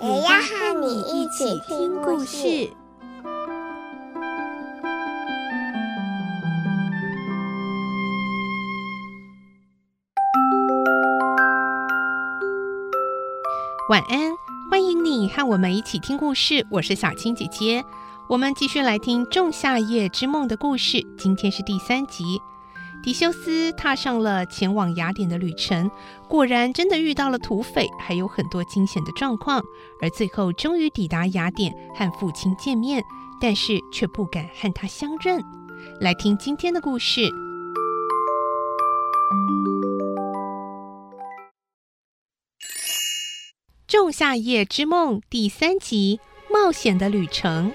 我要和你一起聽故事。晚安，歡迎你和我們一起聽故事。我是小青姐姐，我們繼續來聽《仲夏夜之夢》的故事。今天是第三集。狄修斯踏上了前往雅典的旅程，果然真的遇到了土匪，還有很多驚險的狀況，而最後終於抵達雅典和父親見面，但是卻不敢和他相認。來聽今天的故事，《仲夏夜之夢》第三集《冒險的旅程》。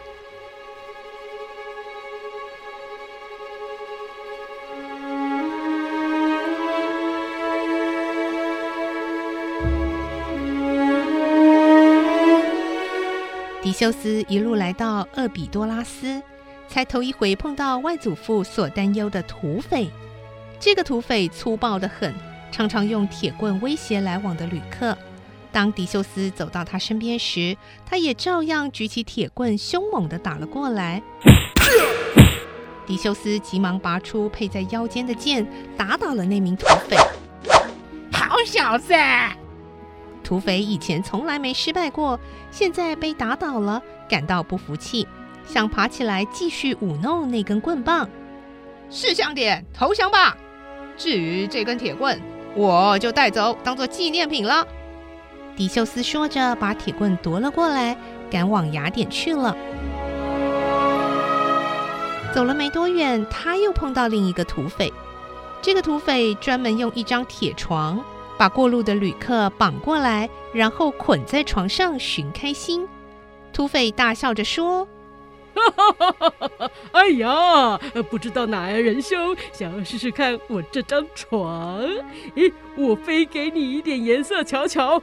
狄修斯一路來到厄比多拉斯，才頭一回碰到外祖父所擔憂的土匪。這個土匪粗暴得很，常常用鐵棍威脅來往的旅客。當狄修斯走到他身邊時，他也照樣舉起鐵棍，兇猛地打了過來。 狄修斯急忙拔出佩在腰間的劍，打倒了那名土匪。好小子！土匪以前從來沒失敗過，現在被打倒了，感到不服氣，想爬起來繼續舞弄那根棍棒。識相點，投降吧！至於這根鐵棍，我就帶走當做紀念品了。狄修斯說着，把鐵棍奪了過來，趕往雅典去了。走了沒多遠，他又碰到另一個土匪。這個土匪專門用一張鐵床。把過路的旅客綁過來，然後捆在床上尋開心。土匪大笑着說：“ 哎呀，不知道哪兒、啊、人兄想要試試看我這張床？咦，我非給你一點顏色瞧瞧！”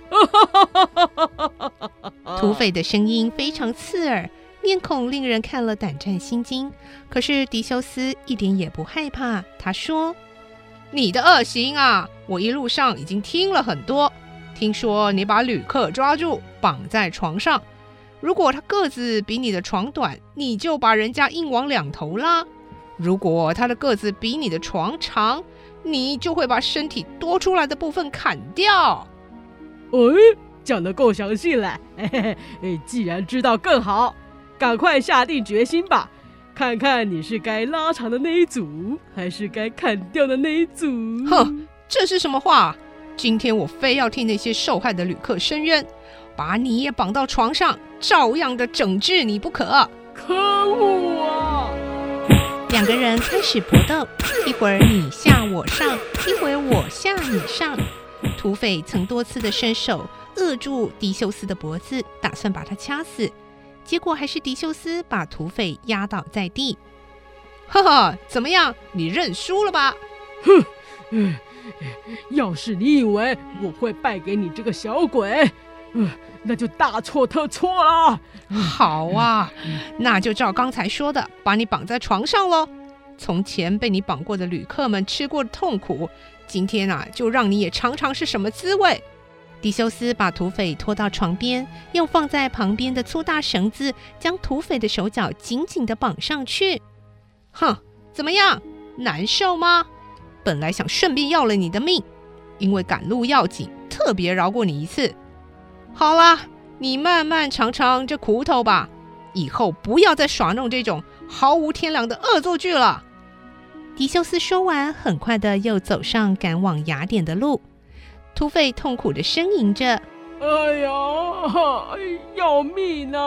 土匪的聲音非常刺耳，面孔令人看了膽戰心驚。可是狄修斯一點也不害怕，他說。你的惡行啊！我一路上已經聽了很多，聽說你把旅客抓住綁在床上，如果他個子比你的床短，你就把人家硬往兩頭拉；如果他的個子比你的床長，你就會把身體多出來的部分砍掉。哎、哦，講得夠詳細了，嘿嘿嘿！既然知道更好，趕快下定決心吧。看看你是該拉長的那一組，還是該砍掉的那一組？哼，這是什麼話？今天我非要替那些受害的旅客伸冤，把你也綁到床上，照樣的整治你不可！可惡啊！兩個人開始搏鬥，一會兒你下我上，一會兒我下你上。土匪曾多次的伸手扼住狄修斯的脖子，打算把他掐死。結果還是狄修斯把土匪壓倒在地。呵呵，怎麼樣，你認輸了吧？哼！嗯，要是你以為我會敗給你這個小鬼，嗯，那就大錯特錯了。好啊，那就照剛才說的，把你綁在床上嘍。從前被你綁過的旅客們吃過的痛苦，今天啊，就讓你也嘗嘗是什麼滋味。狄修斯把土匪拖到床邊，用放在旁邊的粗大繩子將土匪的手腳緊緊地綁上去。哼，怎麼樣，難受嗎？本來想順便要了你的命，因為趕路要緊，特別饒過你一次。好啦，你慢慢嘗嘗這苦頭吧。以後不要再耍弄這種毫無天良的惡作劇了。狄修斯說完，很快的又走上趕往雅典的路。土匪痛苦地呻吟着：“哎呀，要命吶！”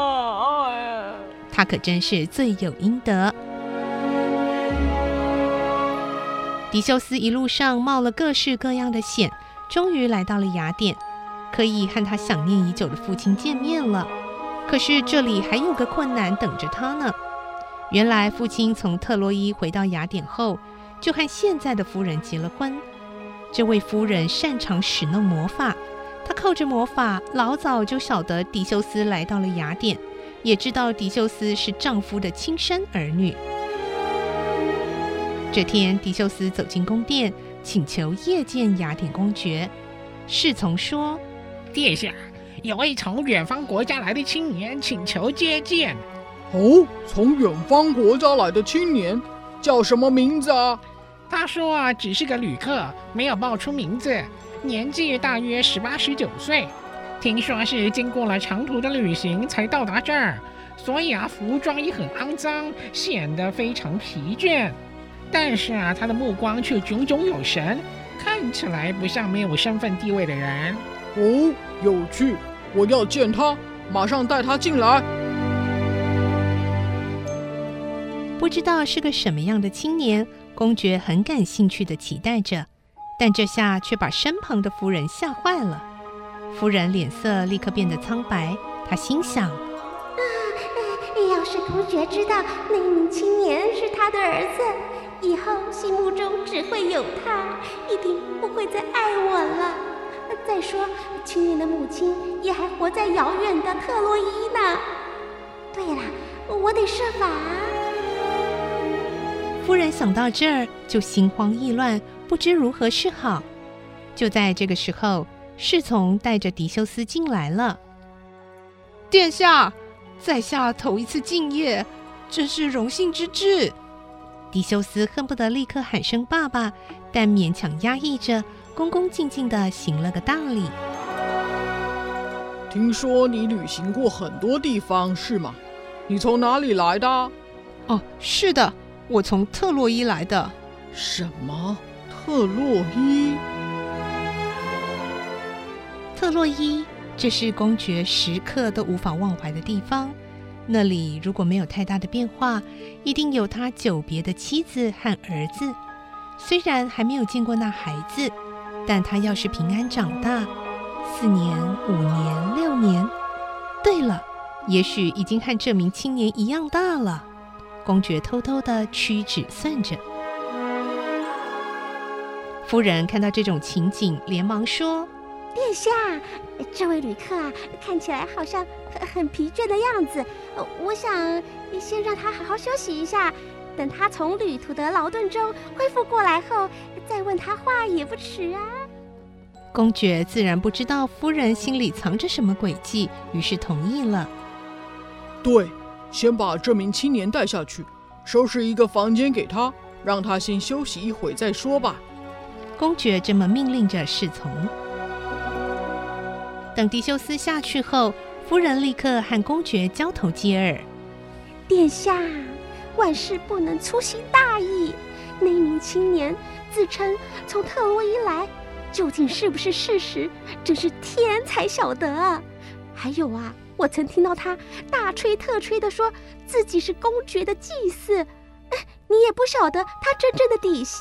他可真是罪有應得。狄修斯一路上冒了各式各樣的險，終於來到了雅典，可以和他想念已久的父親見面了。可是這裡還有個困難等着他呢。原來父親從特洛伊回到雅典後，就和現在的夫人結了婚。這位夫人擅長使弄魔法，她靠着魔法老早就曉得狄修斯來到了雅典，也知道狄修斯是丈夫的親生兒女。這天，狄修斯走進宮殿，請求謁見雅典公爵。侍從說：“殿下，有一位從遠方國家來的青年請求接見。”“哦，從遠方國家來的青年，叫什麼名字啊？”他說：“啊，只是個旅客，沒有報出名字，年紀大約十八十九歲。聽說是經過了長途的旅行才到達這兒，所以啊，服裝也很骯髒，顯得非常疲倦。但是啊，他的目光卻炯炯有神，看起來不像沒有身份地位的人。哦，有趣，我要見他，馬上帶他進來。”不知道是個什麼樣的青年，公爵很感興趣的期待着，但這下卻把身旁的夫人嚇壞了。夫人臉色立刻變得蒼白，她心想：啊，要是公爵知道那一名青年是他的兒子，以後心目中只會有他，一定不會再愛我了。再說，青年的母親也還活在遙遠的特洛伊呢。對了，我得設法。夫人想到這兒就心慌意亂，不知如何是好。就在這個時候，侍從帶着狄修斯進來了。殿下，在下頭一次敬業，真是榮幸之至。狄修斯恨不得立刻喊聲“爸爸”，但勉強壓抑着，恭恭敬敬的行了個大禮。聽說你旅行過很多地方，是嗎？你從哪裡來的？哦，是的。我從特洛伊來的。什麼特洛伊？特洛伊，這是公爵時刻都無法忘懷的地方。那裡如果沒有太大的變化，一定有他久別的妻子和兒子。雖然還沒有見過那孩子，但他要是平安長大，四年、五年、六年，對了，也許已經和這名青年一樣大了。公爵偷偷的屈指算着，夫人看到這種情景，連忙說：“殿下，這位旅客啊，看起來好像很很疲倦的樣子，我想先讓他好好休息一下，等他從旅途的勞頓中恢復過來後，再問他話也不遲啊。”公爵自然不知道夫人心裡藏着什麼詭計，於是同意了。對。先把這名青年帶下去，收拾一個房間給他，讓他先休息一會再說吧。公爵這麼命令着侍從。等狄修斯下去後，夫人立刻和公爵交頭接耳：“殿下，萬事不能粗心大意。那名青年自稱從特洛伊來，究竟是不是事實，真是天才曉得。還有啊。”我曾聽到他大吹特吹地說自己是公爵的祭司，你也不曉得他真正的底細。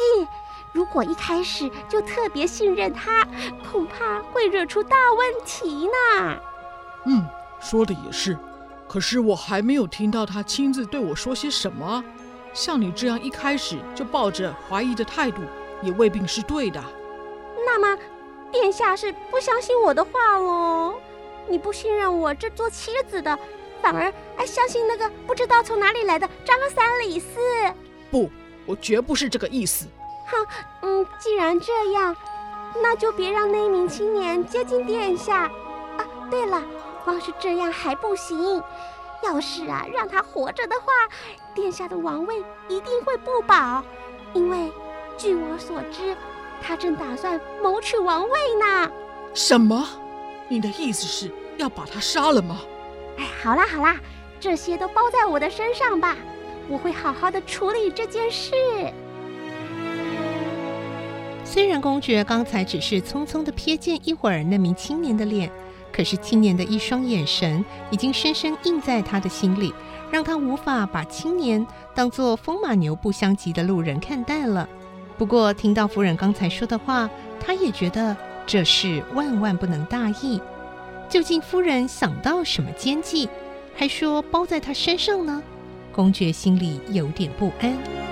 如果一開始就特別信任他，恐怕會惹出大問題呢。嗯，說的也是。可是我還沒有聽到他親自對我說些什麼。像你這樣一開始就抱着懷疑的態度，也未必是對的。那麼，殿下是不相信我的話嘍？你不信任我這做妻子的，反而還、哎、相信那個不知道從哪裡來的張三李四？不，我絕不是這個意思。哼，嗯，既然這樣，那就別讓那名青年接近殿下。啊，對了，光是這樣還不行，要是啊讓他活着的話，殿下的王位一定會不保，因為據我所知，他正打算謀取王位呢。什麼？你的意思是要把他殺了嗎？哎，好啦好啦，這些都包在我的身上吧，我會好好的處理這件事。雖然公爵剛才只是匆匆的瞥見一會兒那名青年的臉，可是青年的一雙眼神已經深深印在他的心裡，讓他無法把青年當做風馬牛不相及的路人看待了。不過聽到夫人剛才說的話，他也覺得。這事萬萬不能大意。究竟夫人想到什麼奸計，還說包在她身上呢？公爵心裡有點不安。